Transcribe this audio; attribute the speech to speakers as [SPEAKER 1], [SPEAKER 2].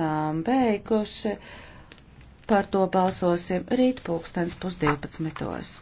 [SPEAKER 1] esam beiguši. Par to balsosim rīt pulkstens pusdivpadsmitos.